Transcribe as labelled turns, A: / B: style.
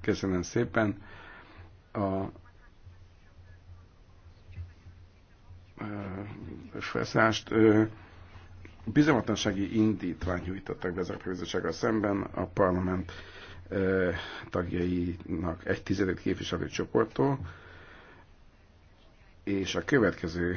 A: Köszönöm szépen. A felszállást bizonyatlansági indítványt nyújtottak be az a Bizottsággal szemben a parlament tagjainak egy tizedet képviselő csoporttól,
B: és a következő